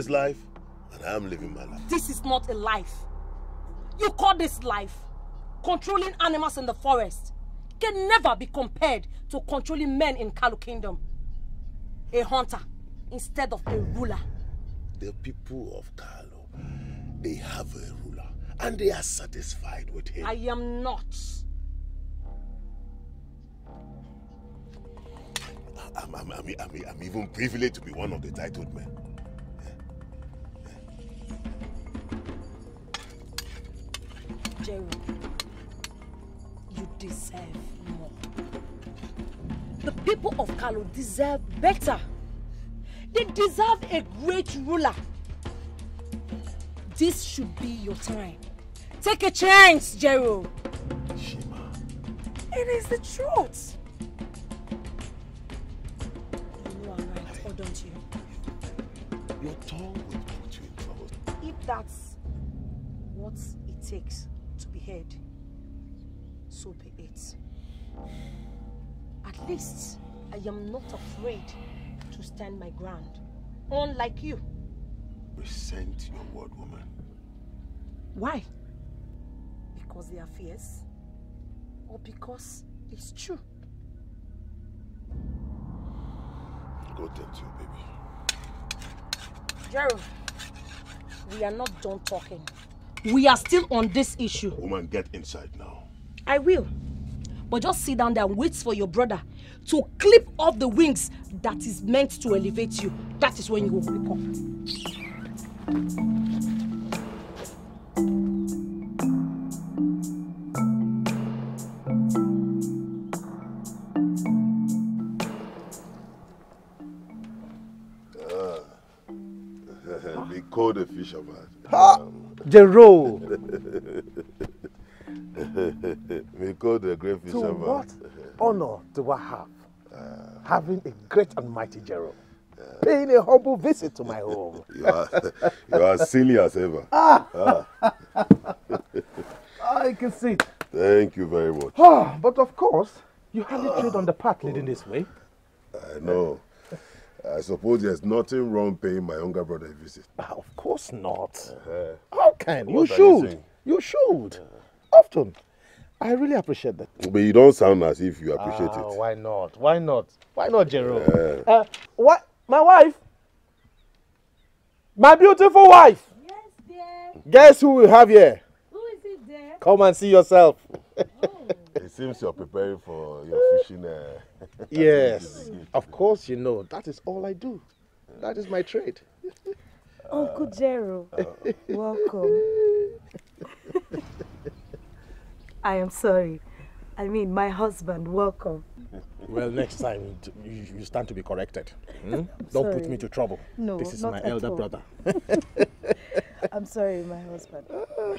his life, and I'm living my life. This is not a life. You call this life? Controlling animals in the forest can never be compared to controlling men in Kalu Kingdom. A hunter instead of a ruler. The people of Kalu, they have a ruler and they are satisfied with him. I am not. I'm, I'm, I'm, I'm, I'm even privileged to be one of the titled men. Jewu, you deserve more. The people of Kalu deserve better. They deserve a great ruler. This should be your time. Take a chance, Jero. Shima. It is the truth. You know I'm right, or don't you? Your tongue will put you in trouble. If that's what it takes so be it. At least I am not afraid to stand my ground. Unlike you. Resent your word, woman. Why? Because they are fierce? Or because it's true? Go tell your baby. Gerald, we are not done talking. We are still on this issue. Woman, get inside now. I will. But just sit down there and wait for your brother to clip off the wings that is meant to elevate you. That is when you will wake up. cold a fisherman. Ah. Jerome, we call the great To what honor do I have? Uh, having a great and mighty Jerome Uh, paying a humble visit to my home. you, are, you are silly as ever. Ah. ah. I can see it. Thank you very much. Ah, but of course, you had a trade on the path leading this way. I know. I suppose there's nothing wrong paying my younger brother a visit. Ah, of course not. Uh How can you should? You should. Yeah. Often. I really appreciate that. But you don't sound as if you appreciate ah, it. Why not? Why not? Why not, Jerome? Yeah. Uh-huh. Uh, what? My wife? My beautiful wife? Yes, dear. Guess who we have here? Who is it, dear? Come and see yourself. Oh. it seems you're preparing for your fishing. Uh... yes, of course you know. That is all I do. That is my trade. Uncle Jero, welcome. I am sorry. I mean, my husband, welcome. Well, next time you, stand to be corrected. Hmm? Don't sorry. put me to trouble. No, this is my elder all. brother. I'm sorry, my husband. Uh,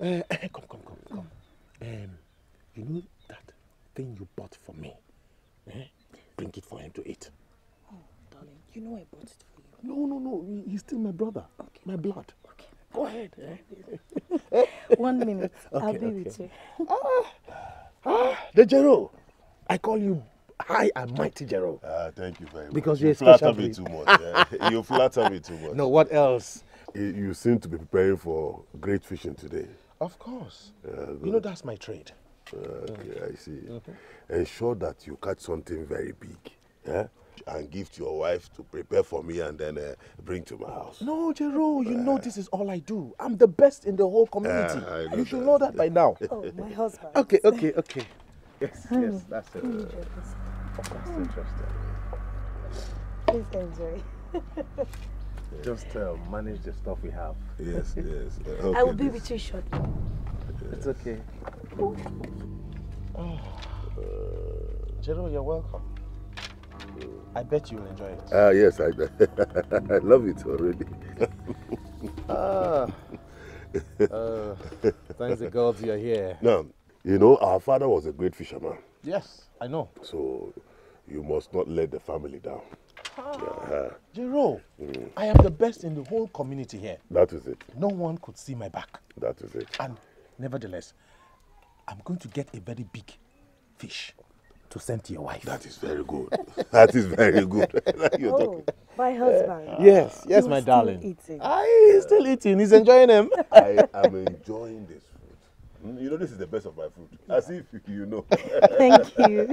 come, come, come, come. Mm. Um, you know that thing you bought for me? Eh? Bring it for him to eat. Oh, darling, you know I bought it for you. No, no, no. He's still my brother. Okay. My blood. Okay. Go ahead. Eh? One minute. Okay, I'll be okay. with you. ah, ah, the Jero. I call you high and mighty Jero. Ah, thank you very much. Because you're you flatter me too much. Yeah. you flatter me too much. No, what else? You seem to be preparing for great fishing today. Of course. Yeah, you know that's my trade. Okay, I see. Okay. Ensure that you catch something very big. Yeah? and give to your wife to prepare for me and then uh, bring to my house. No, Jero, you uh, know eh. this is all I do. I'm the best in the whole community. Uh, you that. should know that by now. oh, my husband. Okay, okay, okay. Yes, um, yes, that's hmm. it. Um, that's um, interesting. Please enjoy. Just uh, manage the stuff we have. Yes, yes. Okay, I will be this. with you shortly. Yes. It's okay. General, oh. you're welcome. I bet you'll enjoy it. Ah, yes, I bet. I love it already. ah. Uh, thanks the gods you're here. Now, you know, our father was a great fisherman. Yes, I know. So, you must not let the family down. Ah, yeah. Jero, mm. I am the best in the whole community here. That is it. No one could see my back. That is it. And nevertheless, I'm going to get a very big fish to send to your wife. That is very good. that is very good. You're oh, talking. my husband. yes, yes, my darling. Eating. I, ah, he's still eating. He's enjoying him. I am enjoying this You know, this is the best of my food. As if you know. Thank you.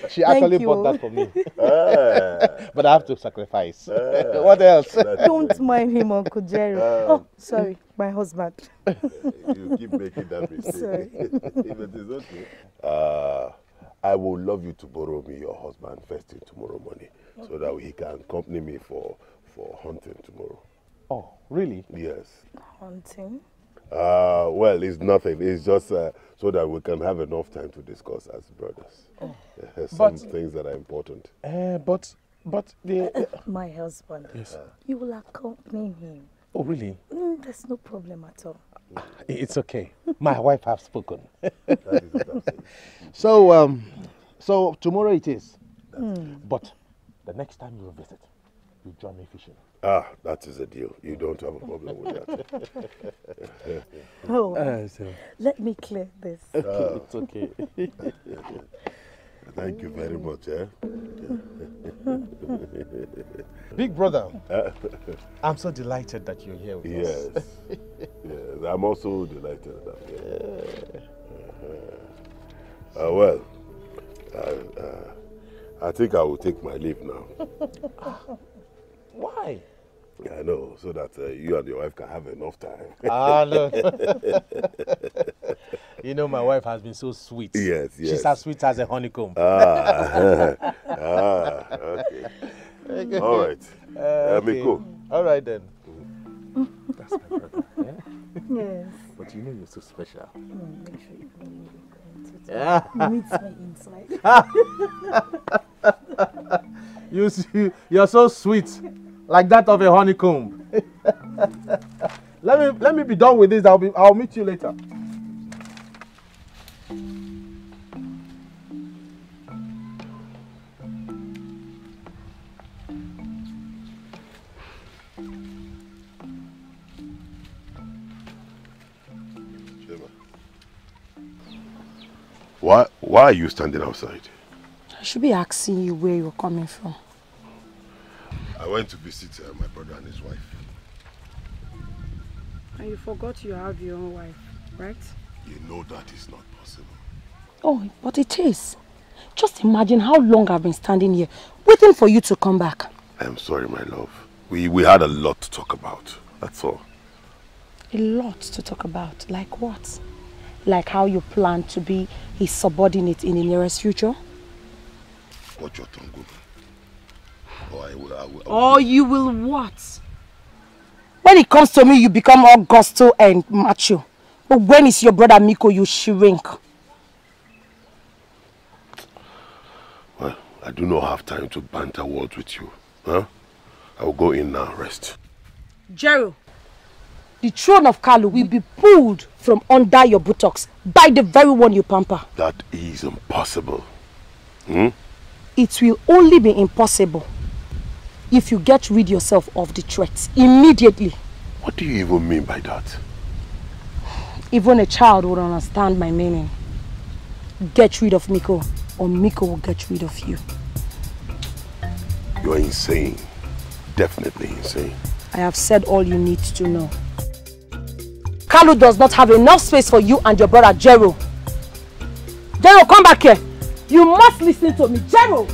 she actually you. bought that for me. Ah. but I have to sacrifice. Ah. what else? Don't mind him, Uncle Jerry. Um, oh, sorry, my husband. Eh, you keep making that mistake. Sorry. if it is okay. Uh, I will love you to borrow me your husband first thing tomorrow morning okay. so that he can accompany me for, for hunting tomorrow. Oh, really? Yes. Hunting? Uh, well, it's nothing. It's just uh, so that we can have enough time to discuss as brothers. Oh. Some but, things that are important. Uh, but, but the, my husband. Yes. Uh. You will accompany him. Oh, really? Mm, there's no problem at all. It's okay. My wife has spoken. so, um, so tomorrow it is. Mm. But the next time you visit, you join me fishing. Ah, that is a deal. You don't have a problem with that. oh, uh, so. let me clear this. Okay, ah. it's okay. Thank you very much. Eh? Big brother, I'm so delighted that you're here with yes. us. yes, I'm also delighted that I'm here. Uh, well, I, uh, I think I will take my leave now. Why? Yeah, I know, so that uh, you and your wife can have enough time. ah, no. you know, my wife has been so sweet. Yes, yes. She's as sweet as a honeycomb. Ah, ah okay. All right. Uh, okay. go. All right, then. That's my brother. Yeah? Yes. But you know you're so special. Mm, make sure you yeah. my inside. you, see, you're so sweet like that of a honeycomb. let me let me be done with this. I'll be I'll meet you later. Why, why are you standing outside? I should be asking you where you're coming from. I went to visit uh, my brother and his wife. And you forgot you have your own wife, right? You know that is not possible. Oh, but it is. Just imagine how long I've been standing here, waiting for you to come back. I'm sorry, my love. We, we had a lot to talk about, that's all. A lot to talk about? Like what? Like how you plan to be his subordinate in the nearest future? Watch your tongue, or I will, I will, I will Or oh, you will what? When it comes to me, you become all gusto and macho. But when it's your brother Miko, you shrink. Well, I do not have time to banter words with you. Huh? I will go in now, rest. Jero, the throne of Kalu will be pulled from under your buttocks by the very one you pamper. That is impossible. Hmm? It will only be impossible if you get rid yourself of the threats immediately. What do you even mean by that? Even a child would understand my meaning. Get rid of Miko or Miko will get rid of you. You are insane. Definitely insane. I have said all you need to know. Kalu does not have enough space for you and your brother Jero. Jero, come back here. You must listen to me. Jero!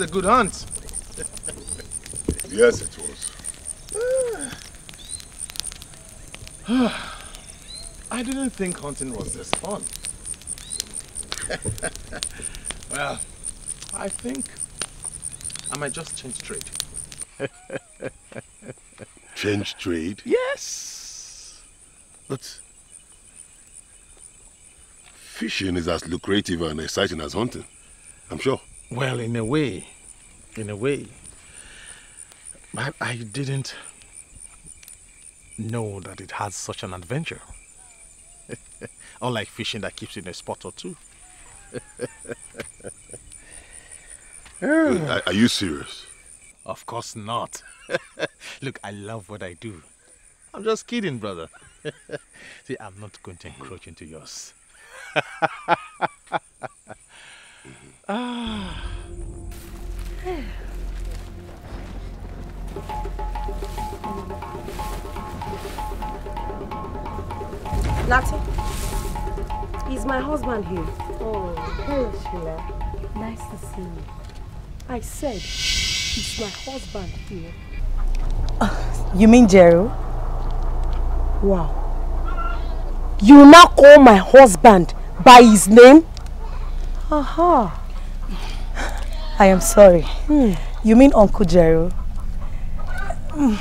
a good hunt. yes, it was. I didn't think hunting was this fun. well, I think I might just change trade. change trade? Yes. But fishing is as lucrative and exciting as hunting, I'm sure. Well, in a way, in a way, I, I didn't know that it had such an adventure. Unlike fishing that keeps in a spot or two. are, are you serious? Of course not. Look, I love what I do. I'm just kidding, brother. See, I'm not going to encroach into yours. Ah. Latte? Is my husband here? Oh, hello, Sheila. Nice to see you. I said, is my husband here? Uh, you mean Jero? Wow. You now call my husband by his name? Aha. Uh -huh. I am sorry. Hmm. You mean Uncle Jero? Hmm,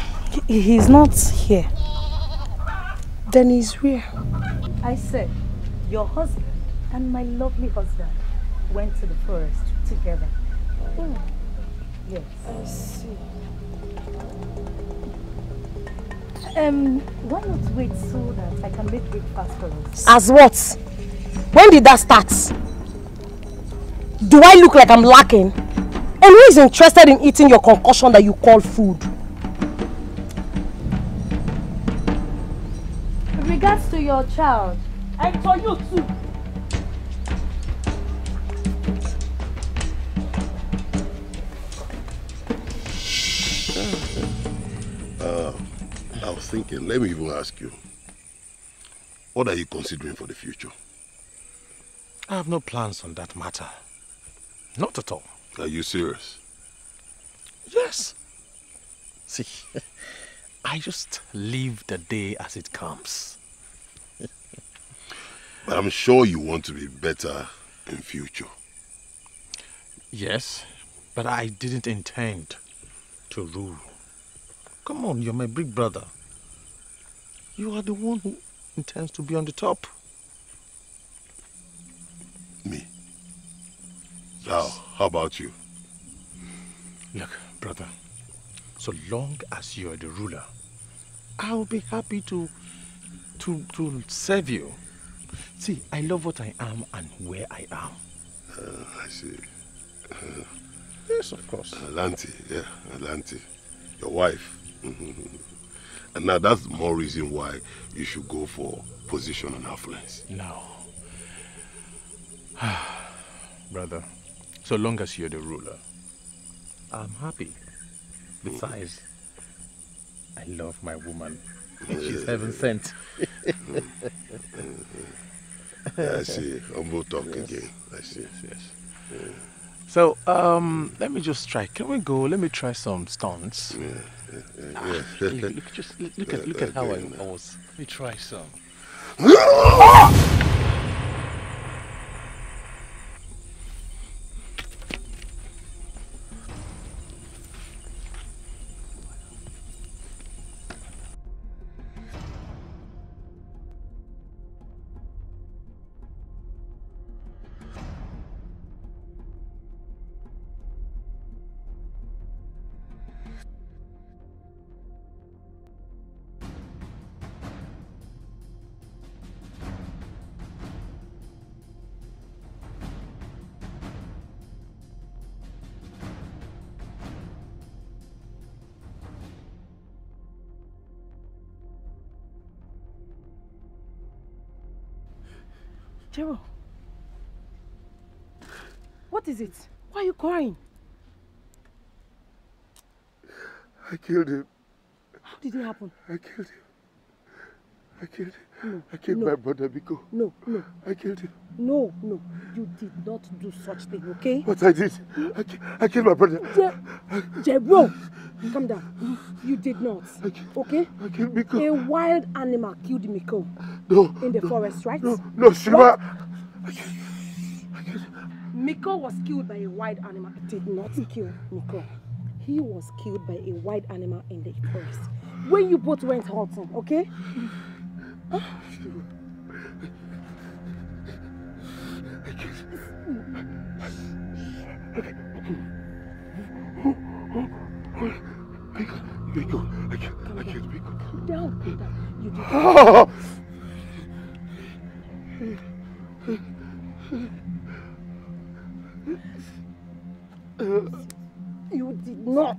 he's not here. Then he's where? I said, your husband and my lovely husband went to the forest together. Hmm. Yes. I see. Um, why not wait so that I can make breakfast for us? As what? When did that start? Do I look like I'm lacking? And who is interested in eating your concussion that you call food? regards to your child, and for you too. Uh, I was thinking, let me even ask you. What are you considering for the future? I have no plans on that matter. Not at all. Are you serious? Yes. See, I just live the day as it comes. but I'm sure you want to be better in future. Yes, but I didn't intend to rule. Come on, you're my big brother. You are the one who intends to be on the top. Me? Now, how about you? Look, brother, so long as you are the ruler, I'll be happy to, to, to serve you. See, I love what I am and where I am. Uh, I see. Uh, yes, of course. Alanti, yeah, Alanti. Your wife. and now that's more reason why you should go for position and affluence. No. Brother so long as you're the ruler. I'm happy. Besides, I love my woman. She's heaven sent. I see. Humble talk yes. again. I see. Yes, yes. So, um, let me just try. Can we go? Let me try some stunts. yeah, yeah. Ah, look, look, just look at look at how I was. Let me try some. Ah! is it? Why are you crying? I killed him. How did it happen? I killed him. I killed him. No, I killed no. my brother Biko. No, no. I killed him. No, no. You did not do such thing, okay? But I did. I, ki I killed my brother. Je Jebro, calm down. You did not, I okay? I killed Miko. A wild animal killed Miko. No. In the no, forest, right? No, no, Shiva. What? Miko was killed by a wild animal. did not kill Miko. He was killed by a wild animal in the forest. When you both went hunting, okay? Huh? I can't. I can't. I can't. Miko. Calm down, You did. not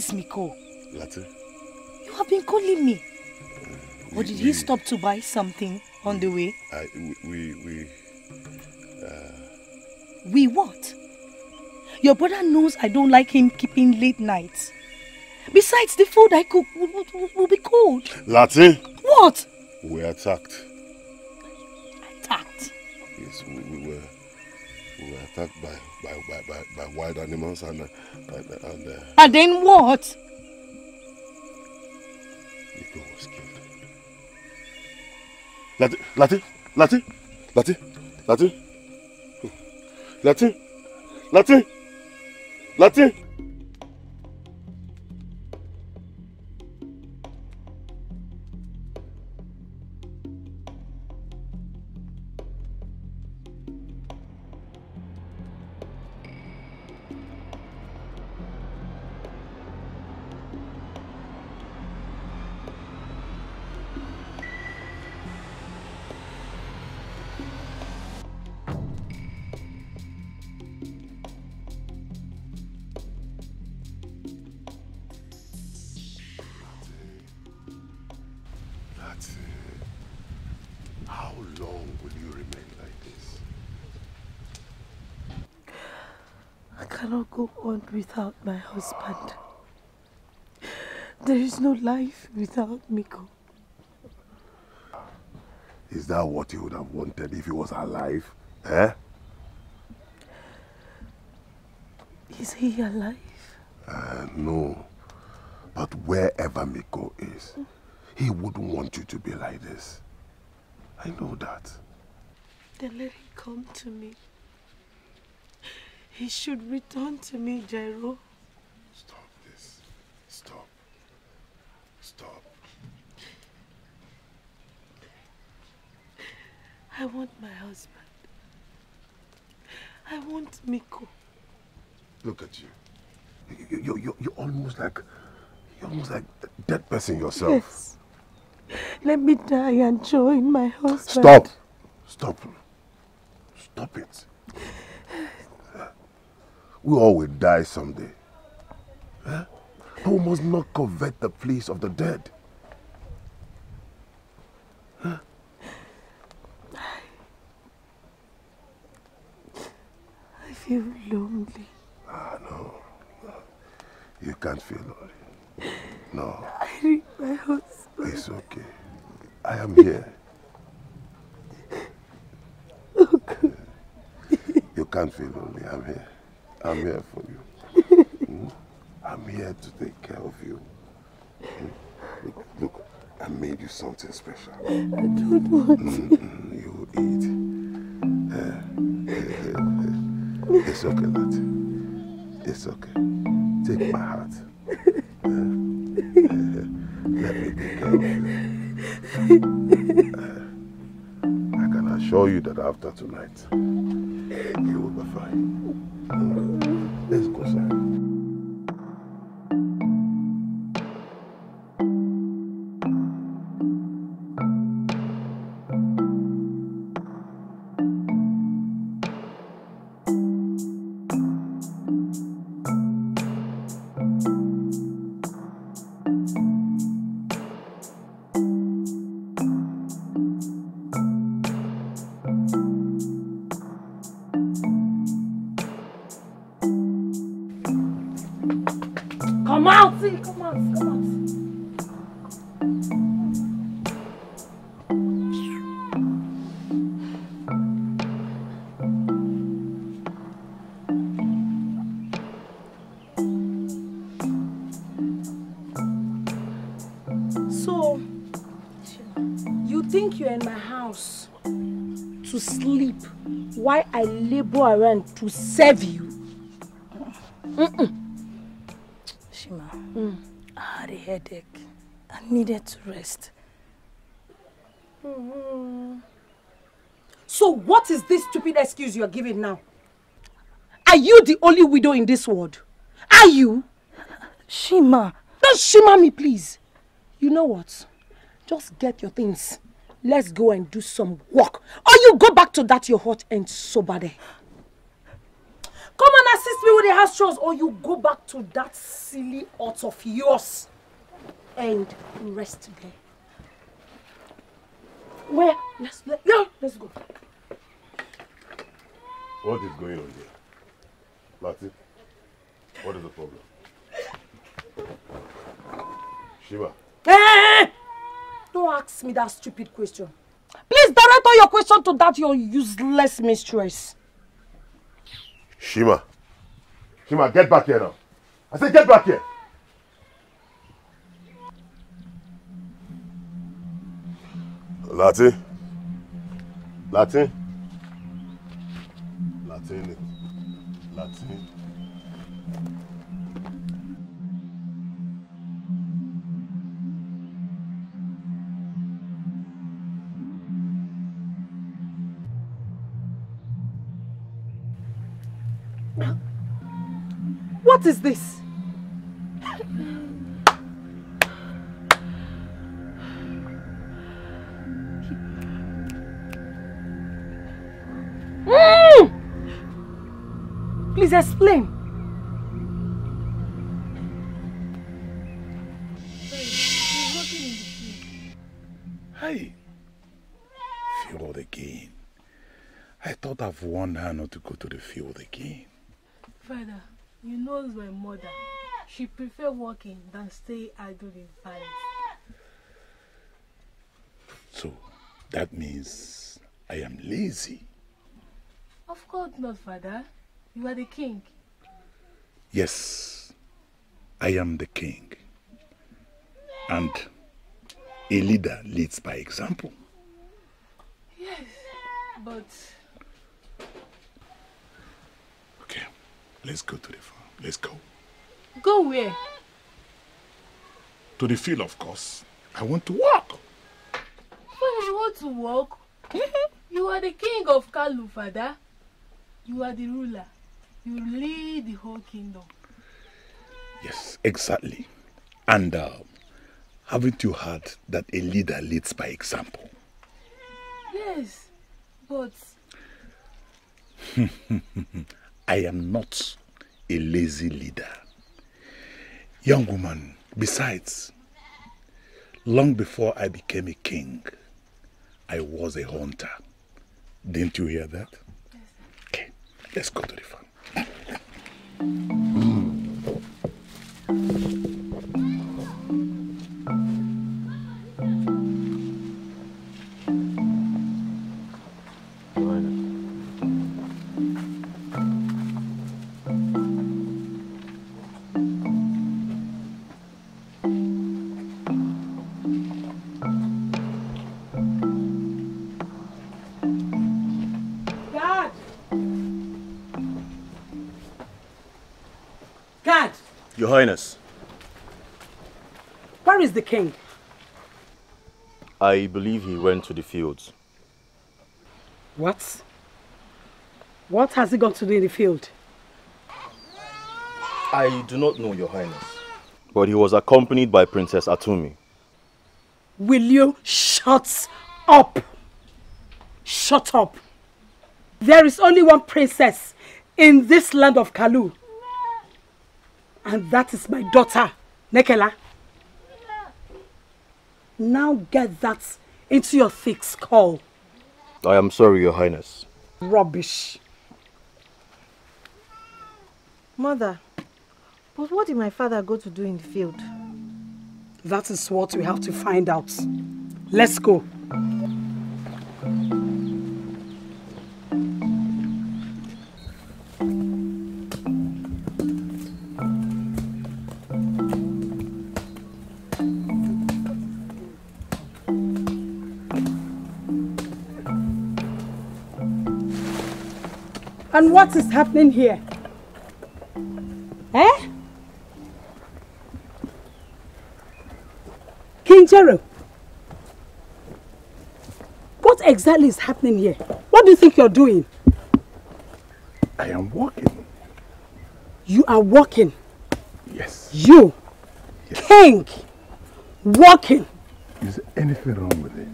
is Miko? Latte. You have been calling me. We, or did we, he stop to buy something on we, the way? I, we, we, uh... We what? Your brother knows I don't like him keeping late nights. Besides, the food I cook will, will, will be cold. Latte. What? We attacked. attacked by, by, by, by, by wild animals and... and, and, uh, and then what? Nico was killed. Lati, Lati, Lati, Lati, Lati, Lati, Lati, Lati. without my husband. There is no life without Miko. Is that what you would have wanted if he was alive? Eh? Is he alive? Uh, no. But wherever Miko is, he wouldn't want you to be like this. I know that. Then let him come to me. He should return to me, Jairo. Stop this. Stop. Stop. I want my husband. I want Miko. Look at you. You, you, you, you're almost like, you're almost like that person yourself. Yes. Let me die and join my husband. Stop. Stop. Stop it. We all will die someday. Eh? But we must not covet the place of the dead. Huh? Eh? I feel lonely. Ah, no. You can't feel lonely. No. I need my husband. It's okay. I am here. oh, God. You can't feel lonely. I'm here. I'm here for you. Hmm? I'm here to take care of you. Look, look, I made you something special. I don't want mm, You eat. Eh, eh, eh, it's okay, Lati. It's okay. Take my heart. let me take care of you. I can assure you that after tonight, you will be fine. I went to serve you. Mm -mm. Shima, mm. I had a headache. I needed to rest. -hmm. So what is this stupid excuse you're giving now? Are you the only widow in this world? Are you? Shima. Don't shima me, please. You know what? Just get your things. Let's go and do some work. Or you go back to that your hot and sober there. Come and assist me with the house chores or you go back to that silly hut of yours and rest there. Where? Let's, let, no, let's go. What is going on here? Lati, what is the problem? Shiva. Hey! Eh! Don't ask me that stupid question. Please direct all your question to that your useless mistress. Shima. Shima, get back here now. I said, get back here. Latin. Latin. Latin. Latin. is this? Mm! Please explain. Hey, field again. I thought I've warned her not to go to the field again. Father, you know my mother. She prefer working than stay idle in Paris. So, that means I am lazy. Of course not, father. You are the king. Yes, I am the king. And a leader leads by example. Yes, but Let's go to the farm. Let's go. Go where? To the field, of course. I want to walk. But you want to walk? you are the king of Kalu, father. You are the ruler. You lead the whole kingdom. Yes, exactly. And uh, haven't you heard that a leader leads by example? Yes, but... I am not a lazy leader. Young woman, besides, long before I became a king, I was a hunter. Didn't you hear that? Okay, let's go to the farm. Mm. Where is the king? I believe he went to the fields. What? What has he got to do in the field? I do not know, Your Highness. But he was accompanied by Princess Atumi. Will you shut up? Shut up. There is only one princess in this land of Kalu. And that is my daughter, Nekela. Now get that into your thick skull. I am sorry, Your Highness. Rubbish. Mother, but what did my father go to do in the field? That is what we have to find out. Let's go. And what is happening here? Eh? King Jero, what exactly is happening here? What do you think you're doing? I am walking. You are walking? Yes. You, yes. King, walking. Is anything wrong with it?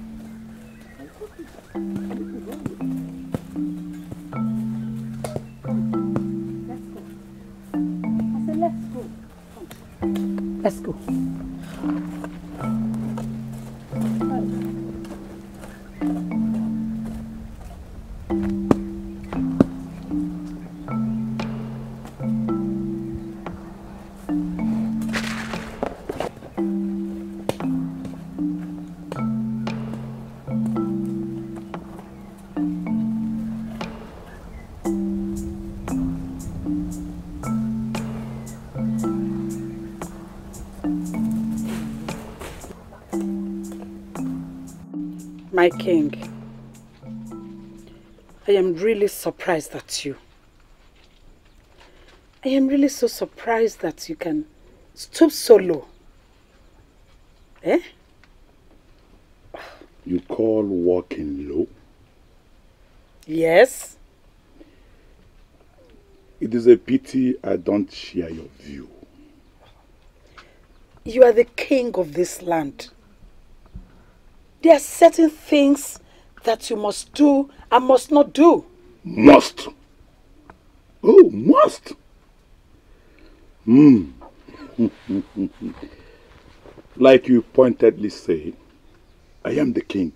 Let's go. Thank you. my king, I am really surprised at you. I am really so surprised that you can stoop so low. Eh? You call walking low? Yes. It is a pity I don't share your view. You are the king of this land. There are certain things that you must do and must not do. Must. Oh, must. Hmm. like you pointedly say, I am the king.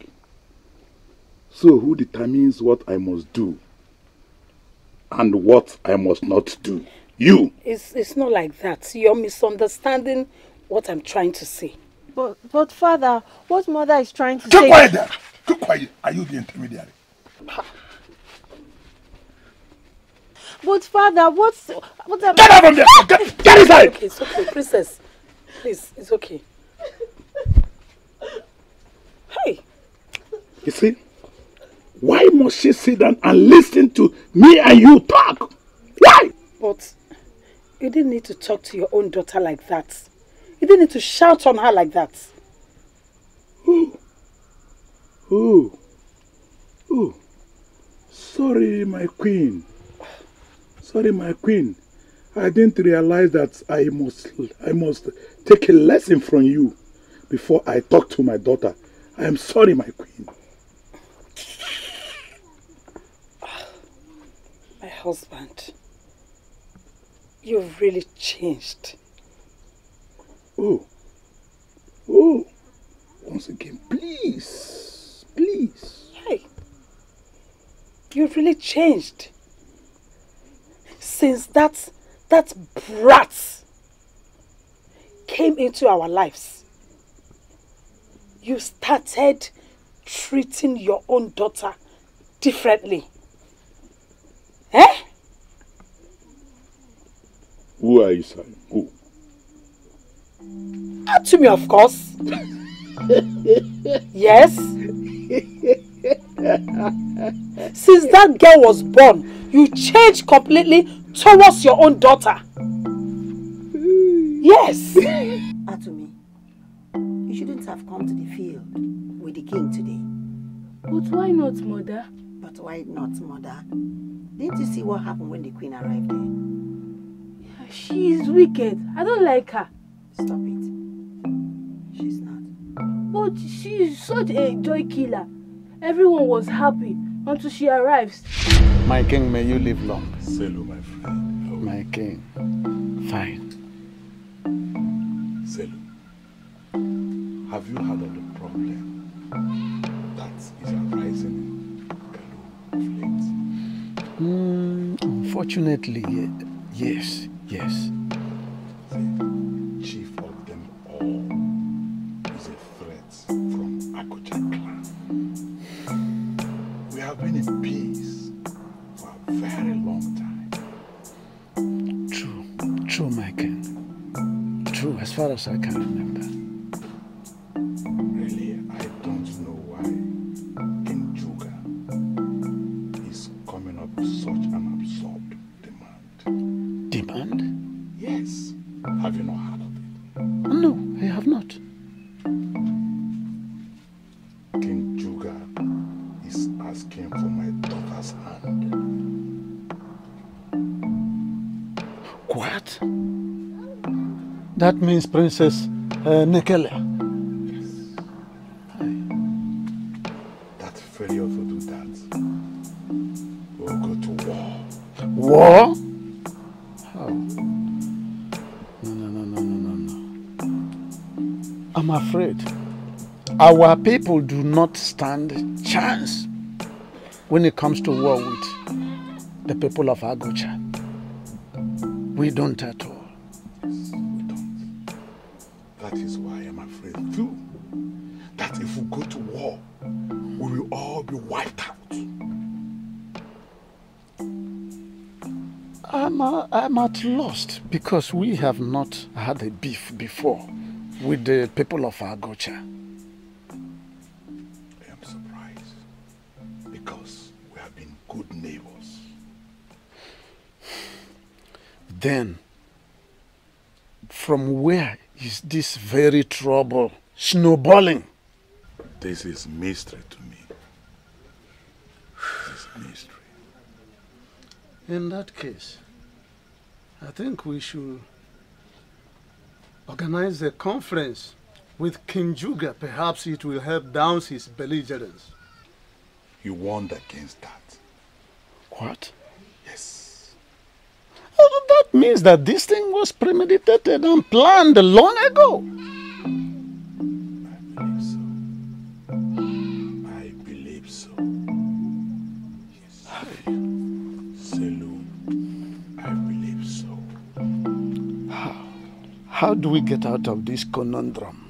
So who determines what I must do and what I must not do? You. It's, it's not like that. You're misunderstanding what I'm trying to say. But, but father, what mother is trying to Keep say... Keep quiet there! Keep quiet! Are you the intermediary? But father, what's... what's that? Get out from there! Get, get inside! Okay, it's okay, princess. Please, it's okay. Hey! You see? Why must she sit down and listen to me and you talk? Why? But you didn't need to talk to your own daughter like that. You didn't need to shout on her like that. Who? Who? Who? Sorry, my queen. Sorry, my queen. I didn't realize that I must, I must take a lesson from you before I talk to my daughter. I am sorry, my queen. My husband, you've really changed. Oh. Oh. Once again, please. Please. Hey. You've really changed. Since that, that brat came into our lives, you started treating your own daughter differently. Eh? Who are you, son? Who? Not to me, of course. yes. Since that girl was born, you changed completely towards your own daughter. Yes. Atumi, you shouldn't have come to the field with the king today. But why not, mother? But why not, mother? Didn't you see what happened when the queen arrived there? she is wicked. I don't like her. Stop it. She's not. But she's such a joy killer. Everyone was happy until she arrives. My king, may you live long. Selu, my friend. My king. Fine. Selu, have you heard of the problem that is arising in Kalu of late? Mm, unfortunately, yes, yes. See? far as I can. That means Princess uh, Nekele. Yes. Aye. That failure to do that will go to war. War? How? No, no, no, no, no, no. I'm afraid our people do not stand chance when it comes to war with the people of Agucha. We don't at all. lost because we have not had a beef before with the people of Agocha. I am surprised because we have been good neighbors. Then, from where is this very trouble snowballing? This is mystery to me. This is mystery. In that case, I think we should organize a conference with King Juga. Perhaps it will help down his belligerence. You warned against that. What? Yes. that means that this thing was premeditated and planned long ago. How do we get out of this conundrum?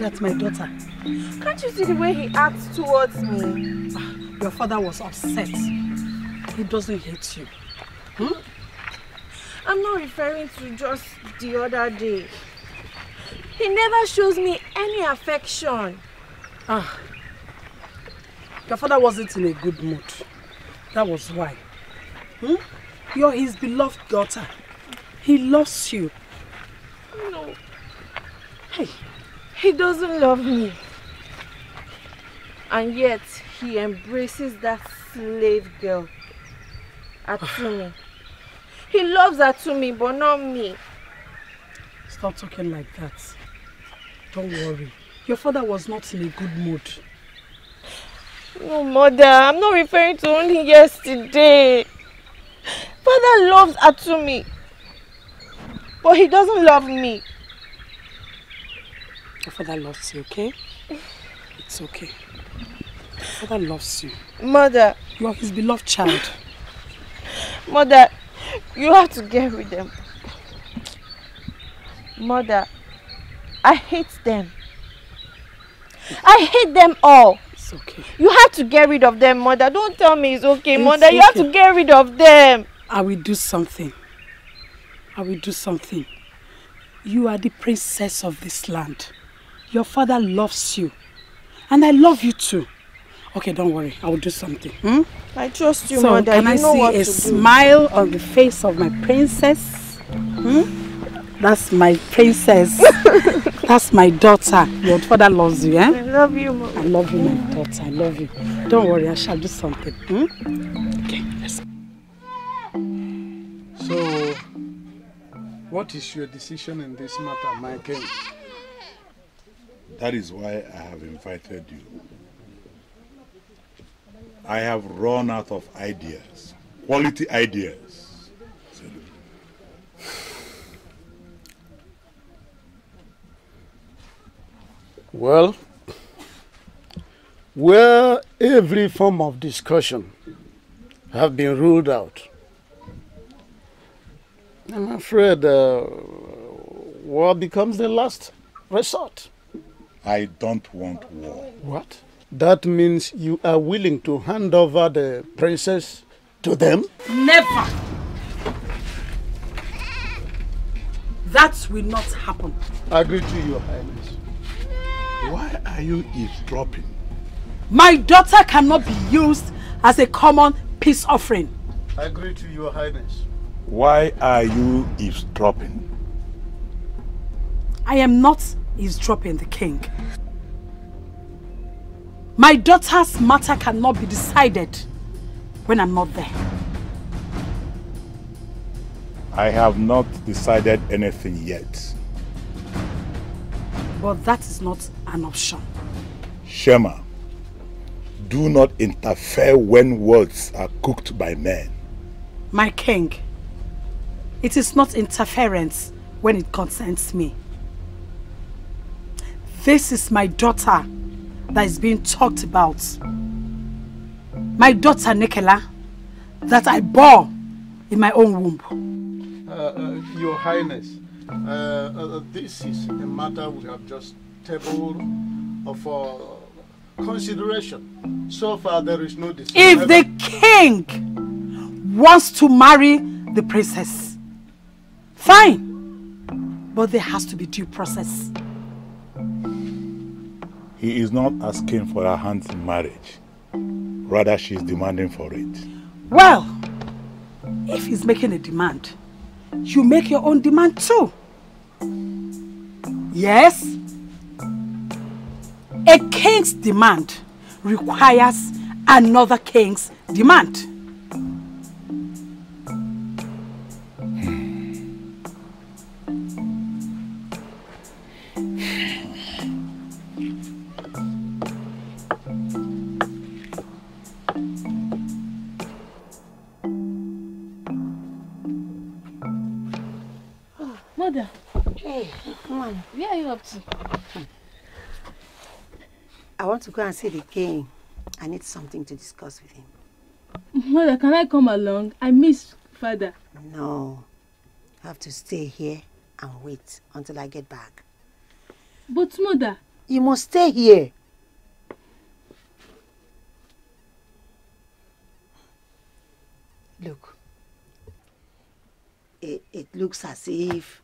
look at my daughter. Can't you see the way he acts towards me? Your father was upset. He doesn't hate you. Hmm? I'm not referring to just the other day. He never shows me any affection. Ah. Your father wasn't in a good mood. That was why. Hmm? You're his beloved daughter. He loves you. doesn't love me. And yet he embraces that slave girl, Atumi. he loves Atumi, but not me. Stop talking like that. Don't worry. Your father was not in a good mood. No, mother, I'm not referring to only yesterday. Father loves Atumi, but he doesn't love me. Your father loves you, okay? It's okay. Your father loves you. Mother. You are his beloved child. Mother, you have to get with them. Mother, I hate them. I hate them all. It's okay. You have to get rid of them, mother. Don't tell me it's okay, it's mother. Okay. You have to get rid of them. I will do something. I will do something. You are the princess of this land. Your father loves you. And I love you too. Okay, don't worry. I will do something. Hmm? I trust you, so, mother. Can you I see a smile on the face of my princess? Hmm? That's my princess. That's my daughter. Your father loves you, eh? I love you, mother. I love you, my daughter. I love you. Don't worry. I shall do something. Hmm? Okay, let's So, what is your decision in this matter, my king? That is why I have invited you. I have run out of ideas, quality ideas. Well, where every form of discussion have been ruled out, I'm afraid uh, war becomes the last resort. I don't want war. What? That means you are willing to hand over the princess to them? Never! That will not happen. I agree to your highness. Why are you eavesdropping? My daughter cannot be used as a common peace offering. I agree to your highness. Why are you eavesdropping? I am not is dropping the king. My daughter's matter cannot be decided when I'm not there. I have not decided anything yet. But that is not an option. Shema, do not interfere when words are cooked by men. My king, it is not interference when it concerns me. This is my daughter that is being talked about. My daughter, Nikola, that I bore in my own womb. Uh, uh, Your Highness, uh, uh, uh this is a matter we have just tabled for uh, consideration. So far, there is no decision. If the king wants to marry the princess, fine. But there has to be due process. He is not asking for her hand in marriage. Rather, she is demanding for it. Well, if he's making a demand, you make your own demand too. Yes? A king's demand requires another king's demand. Mother. Hey, on. Where are you up to? I want to go and see the king. I need something to discuss with him. Mother, can I come along? I miss father. No. I have to stay here and wait until I get back. But mother... You must stay here. Look. It, it looks as if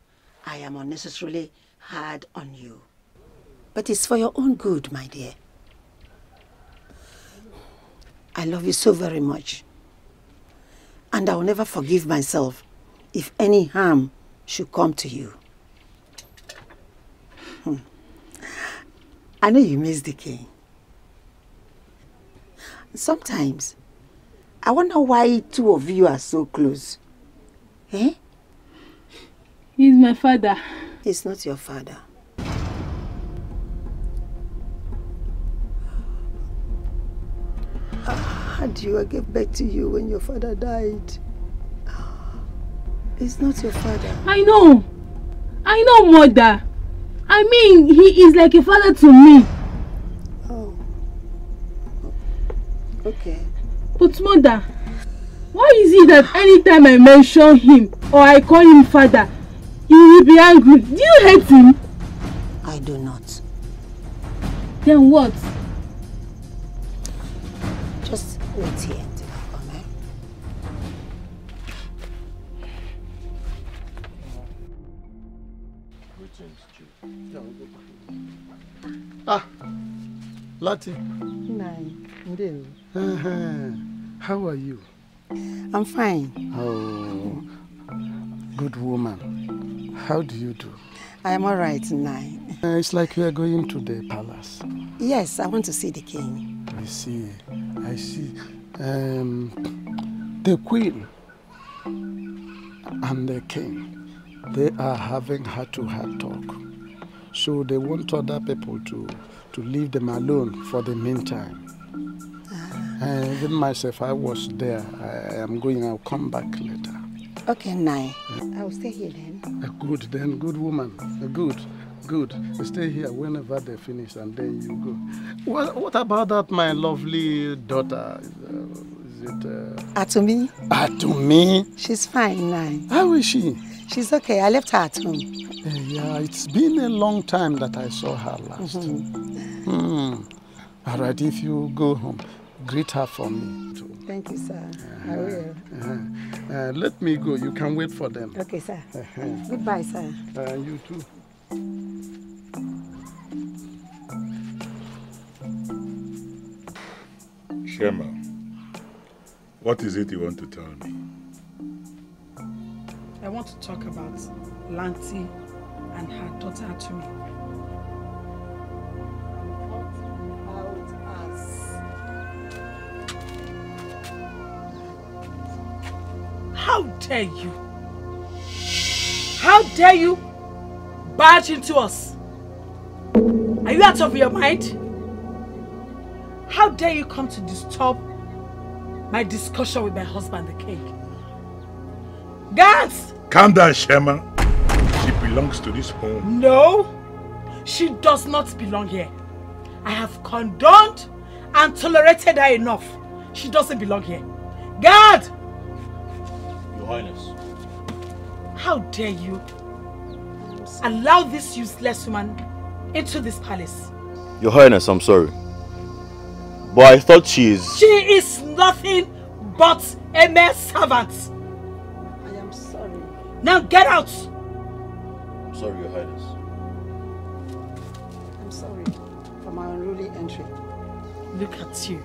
I am unnecessarily hard on you. But it's for your own good, my dear. I love you so very much. And I will never forgive myself if any harm should come to you. Hmm. I know you miss the king. Sometimes, I wonder why two of you are so close. Eh? He's my father. He's not your father. Ah, how do you I gave back to you when your father died? Ah, he's not your father. I know. I know, mother. I mean, he is like a father to me. Oh. Okay. But mother, why is it that anytime I mention him or I call him father, You will be angry. Do you hate him? I do not. Then what? Just wait here eh? Ah, Lati. Nai, How are you? I'm fine. Oh, good woman. How do you do? I am all right now. Uh, it's like we are going to the palace. Yes, I want to see the king. I see, I see. Um, the queen and the king, they are having heart-to-heart -heart talk. So they want other people to, to leave them alone for the meantime. Ah. Uh, even myself, I was there. I, I am going, I'll come back later. Okay, nine. I will stay here then. Good then, good woman. Good, good. Stay here whenever they finish and then you go. what about that, my lovely daughter? Uh, is it... Uh... Atumi? Atumi? She's fine now. How is she? She's okay. I left her at home. Uh, yeah, it's been a long time that I saw her last. Mm -hmm. mm. All right, if you go home, greet her for me. Too. Thank you, sir. Uh-huh. I will. Uh-huh. Uh, let me go. You can wait for them. Okay, sir. Uh-huh. Goodbye, sir. Uh, you too. Shema, what is it you want to tell me? I want to talk about Lanti and her daughter Atumi. How dare you? How dare you barge into us? Are you out of your mind? How dare you come to disturb my discussion with my husband, the king? Guards! Calm down, Shema. She belongs to this home. No, she does not belong here. I have condoned and tolerated her enough. She doesn't belong here. Guard! Your Highness. How dare you allow this useless woman into this palace? Your Highness, I'm sorry. But I thought she is... She is nothing but a mere servant. I am sorry. Now get out. I'm sorry, Your Highness. I'm sorry for my unruly entry. Look at you.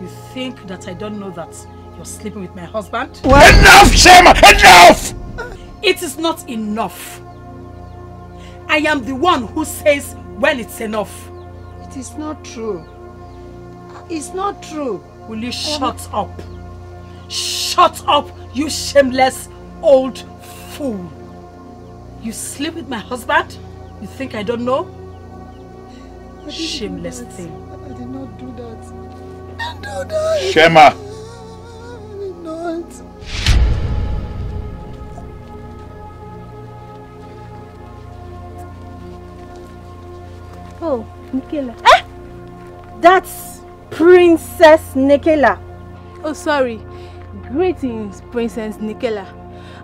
You think that I don't know that you're sleeping with my husband? Enough, Shema! Enough! It is not enough. I am the one who says when it's enough. It is not true. It's not true. Will you shut um, up? Shut up, you shameless old fool. You sleep with my husband? You think I don't know? I Shameless thing. I did not do that. I didn't do that. Shema. Nikela. Eh? That's Princess Nikela. Oh, sorry. Greetings, Princess Nikela.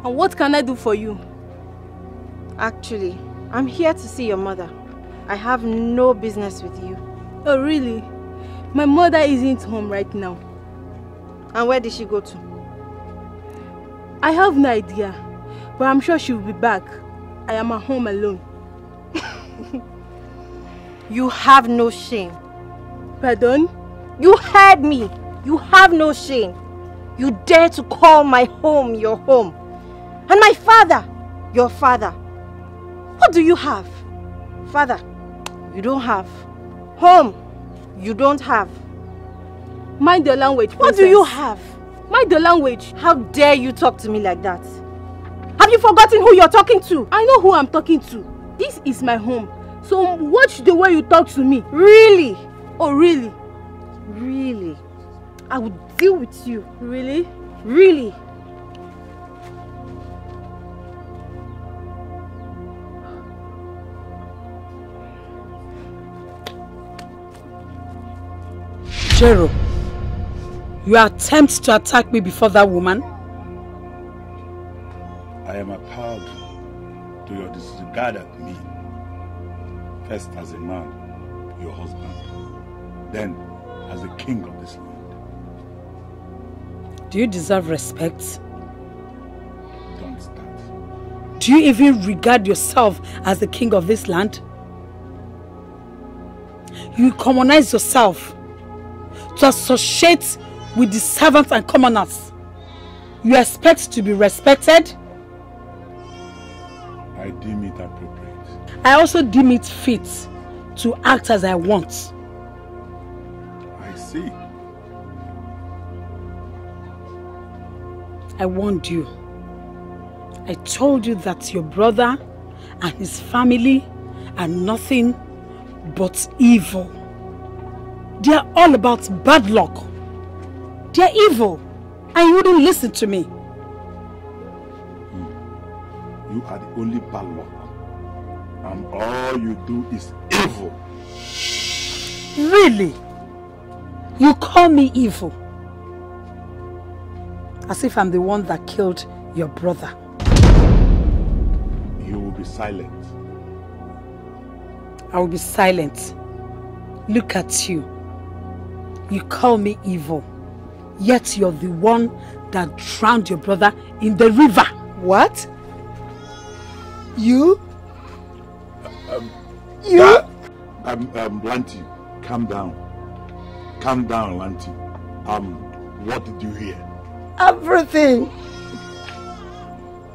And what can I do for you? Actually, I'm here to see your mother. I have no business with you. Oh, really? My mother isn't home right now. And where did she go to? I have no idea, but I'm sure she'll be back. I am at home alone. You have no shame. Pardon? You heard me. You have no shame. You dare to call my home your home. And my father, your father. What do you have? Father, you don't have. Home, you don't have. Mind the language, What princess. do you have? Mind the language. How dare you talk to me like that? Have you forgotten who you're talking to? I know who I'm talking to. This is my home. So watch the way you talk to me. Really? Oh, really? Really? I will deal with you. Really? Really? Jero, you attempt to attack me before that woman? I am appalled to your disregard First, as a man, your husband. Then, as the king of this land. Do you deserve respect? Don't start. Do you even regard yourself as the king of this land? You commonize yourself to associate with the servants and commoners. You expect to be respected? I deem it appropriate. I also deem it fit to act as I want. I see. I warned you. I told you that your brother and his family are nothing but evil. They are all about bad luck. They are evil. And you wouldn't listen to me. You are the only bad luck and all you do is evil. Really? You call me evil? As if I'm the one that killed your brother. You will be silent. I will be silent. Look at you. You call me evil. Yet you're the one that drowned your brother in the river. What? You? You? That, um, um, Lanty, calm down. Calm down, Lanty. Um, what did you hear? Everything.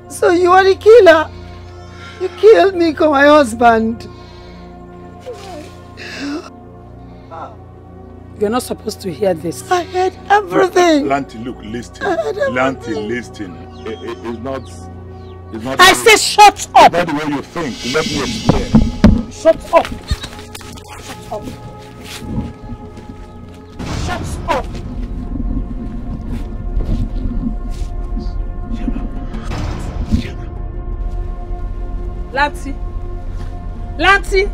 So you are the killer. You killed Nico, my husband. You're not supposed to hear this. I heard everything. Lanty, look, listen. Lanty, listen. It, it, it's not... It's not I say shut up! By the way you think. Let me explain. Shut up! Shut up! Shut up! Lati, Lati,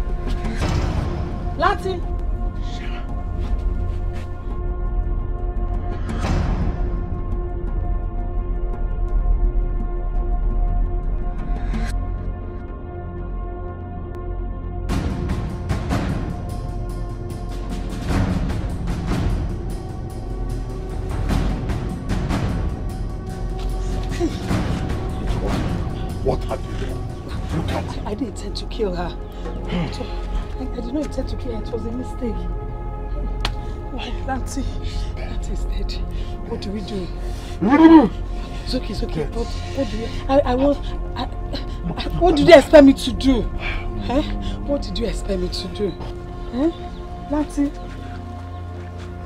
Lati. mistake. Why? That's it. That is dead. What do we do? It's okay, it's okay. But what do you, I, I want. I, I, what did you expect me to do? Huh? What did you expect me to do? Huh? That's it.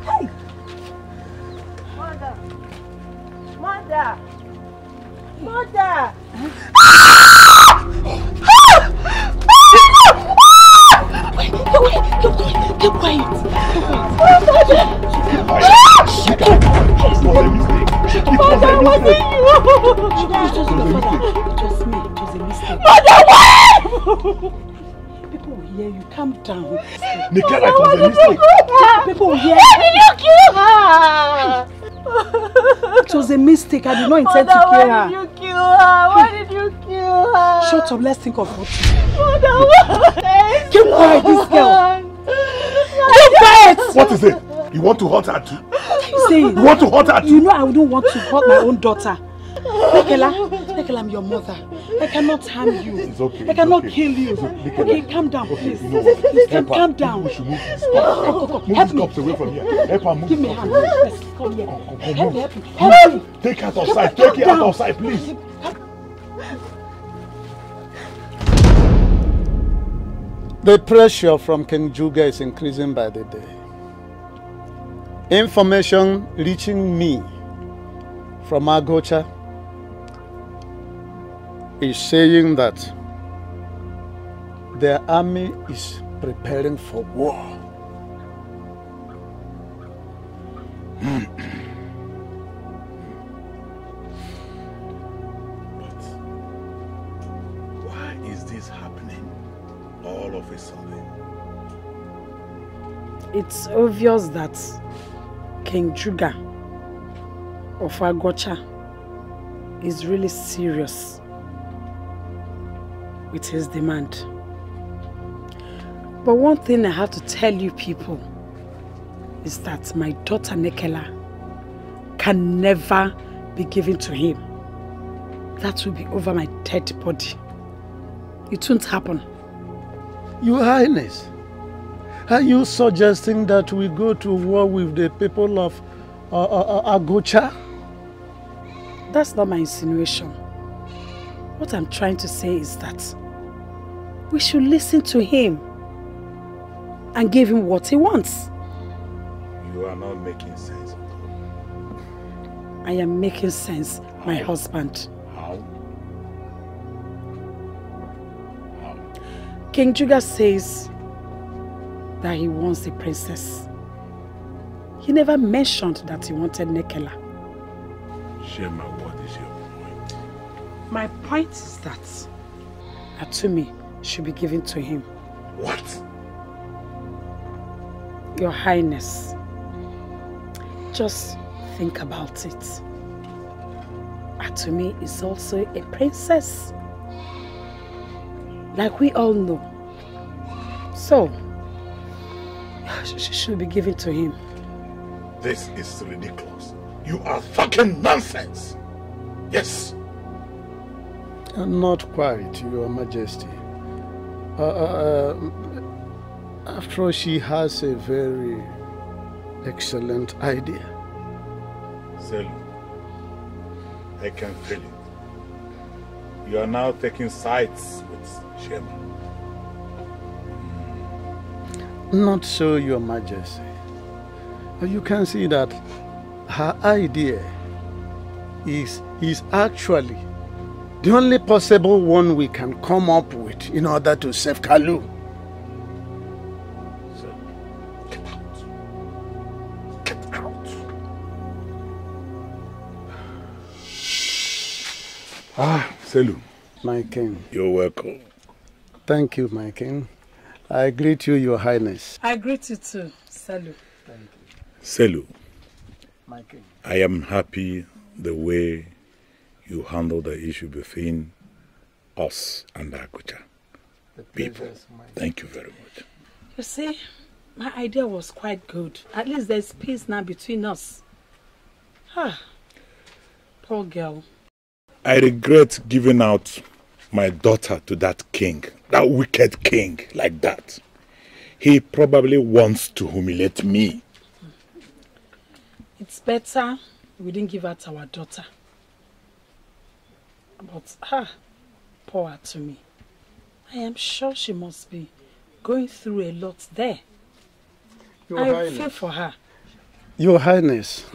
Hey! Mother! Mother! Mother! Ah! I'm not saying you. just me. It a mistake. Mother, why? People will hear you. Calm down. Nikela, it was a mistake. People will hear you. Why did you kill her? It was a mistake. I did not intend Mother, to kill her. Why did you kill her? Why did you kill her? Shut up. Let's think of what. Mother, why? Keep quiet, this girl. Keep quiet. What is it? You want to hurt her too? saying. You want to hurt her? You know I wouldn't want to hurt my own daughter. Lekela, Lekela, I'm your mother. I cannot harm you. It's okay. I cannot okay. kill you. Okay, okay, calm down, please. Okay, you know what? Please help calm down. We should move this cup. Oh, move this cup away from here. Help her move. Give me hand. hand. Yes, come here. Come, come, come, help, help me, help me. Take her outside. Take her outside, please. The pressure from King Juga is increasing by the day information reaching me from Agocha is saying that their army is preparing for war. why is this happening all of a sudden? It's obvious that King Juga of Agocha is really serious with his demand. But one thing I have to tell you people is that my daughter Nekela can never be given to him. That will be over my dead body. It won't happen. Your Highness, are you suggesting that we go to war with the people of uh, uh, uh Agocha? That's not my insinuation. What I'm trying to say is that we should listen to him and give him what he wants. You are not making sense. I am making sense, How? my husband. How? How? King Juga says that he wants a princess. He never mentioned that he wanted Nekela. Shema, what is your point? My point is that Atumi should be given to him. What? Your Highness, just think about it. Atumi is also a princess. Like we all know. So, should be given to him. This is ridiculous. You are fucking nonsense. Yes. I'm not quite, Your Majesty. Uh, uh, uh after all, she has a very excellent idea. Zelu, I can feel it. You are now taking sides with Shema. Not so, Your Majesty. You can see that her idea is, is actually the only possible one we can come up with in order to save Kalu. Ah, Selu. My king. You're welcome. Thank you, my king. I greet you, Your Highness. I greet you too. Salut. Thank you. Selu, I am happy the way you handle the issue between us and Akucha people. Thank you very much. You see, my idea was quite good. At least there's peace now between us. Ah, poor girl. I regret giving out my daughter to that king, that wicked king like that. He probably wants to humiliate me. It's better we didn't give out our daughter. But ah, poor to me. I am sure she must be going through a lot there. Your I Highness. feel for her. Your Highness,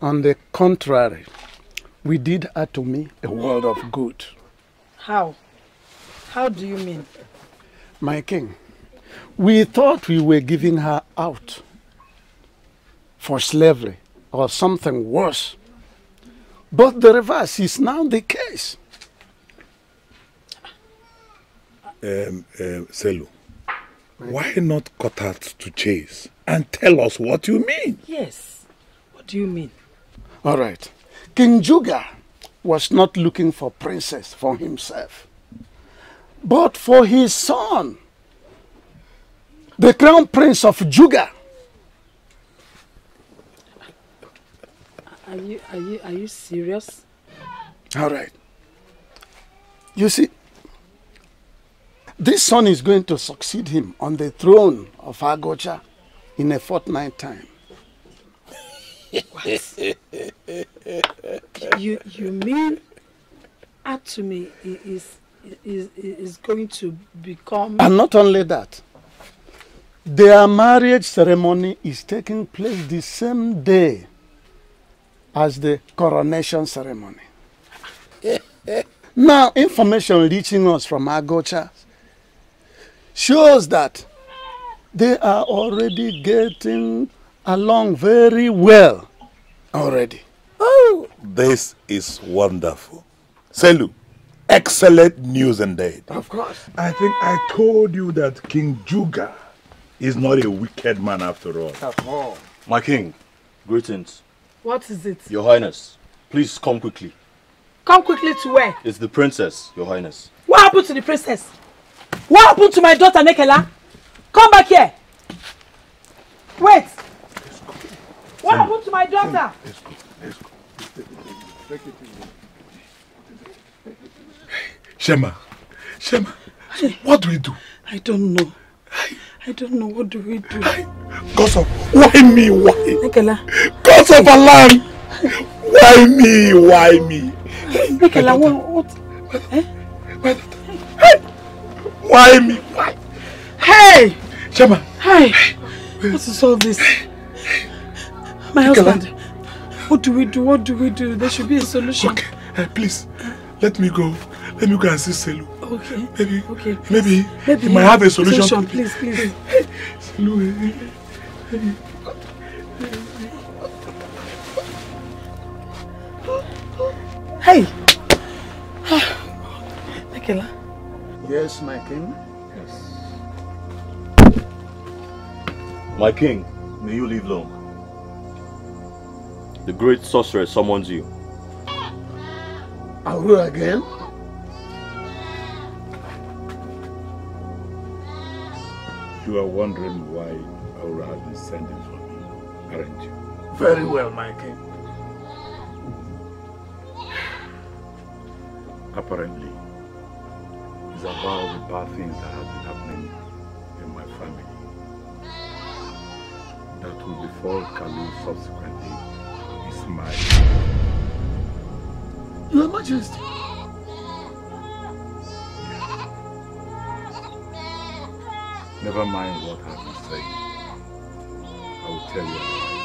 on the contrary, we did her to me a world of good. How? How do you mean? My king, we thought we were giving her out for slavery or something worse. But the reverse is now the case. Um, um, Selu, why not cut out to chase and tell us what you mean? Yes. What do you mean? All right. King Juga was not looking for princess for himself, but for his son, the crown prince of Juga. Are you, are you, are you serious? All right. You see, this son is going to succeed him on the throne of Agocha in a fortnight time what? you you mean Atumi is is is going to become? And not only that, their marriage ceremony is taking place the same day as the coronation ceremony. now, information reaching us from Agocha shows that they are already getting along very well already. Oh! This is wonderful. Selu, excellent news indeed. Of course. I think I told you that King Juga is not a wicked man after all. At all. My king, greetings. What is it? Your Highness, please come quickly. Come quickly to where? It's the princess, Your Highness. What happened to the princess? What happened to my daughter, Nekela? Come back here. Wait. What happened to my daughter? Let's go. Let's go. Take Shema. Shema. What do we do? I don't know. I don't know. What do we do? Cause of why me? Why? Ekela. Cause of alarm. Why me? Why me? Ekela, what? What? Eh? Hey. Why me? Why? Hey. Shema. Hey. What is all this? My husband. What do we do? What do we do? There should be a solution. Okay, uh, please, let me go. Let me go and see Selu. Okay. Maybe. Okay. Maybe. Maybe. You might have a solution. Solution, please, please. Selu. Hey. Mekela. Ah, yes, my king. Yes. My king, may you live long. The great sorcerer summons you. Aurora again? You are wondering why Aurora has been sending for me, aren't you? Very well, my king. Apparently, it's about the bad things that have been happening in my family that will befall Kalu subsequently my... Your Majesty! Never mind what I to say. I will tell you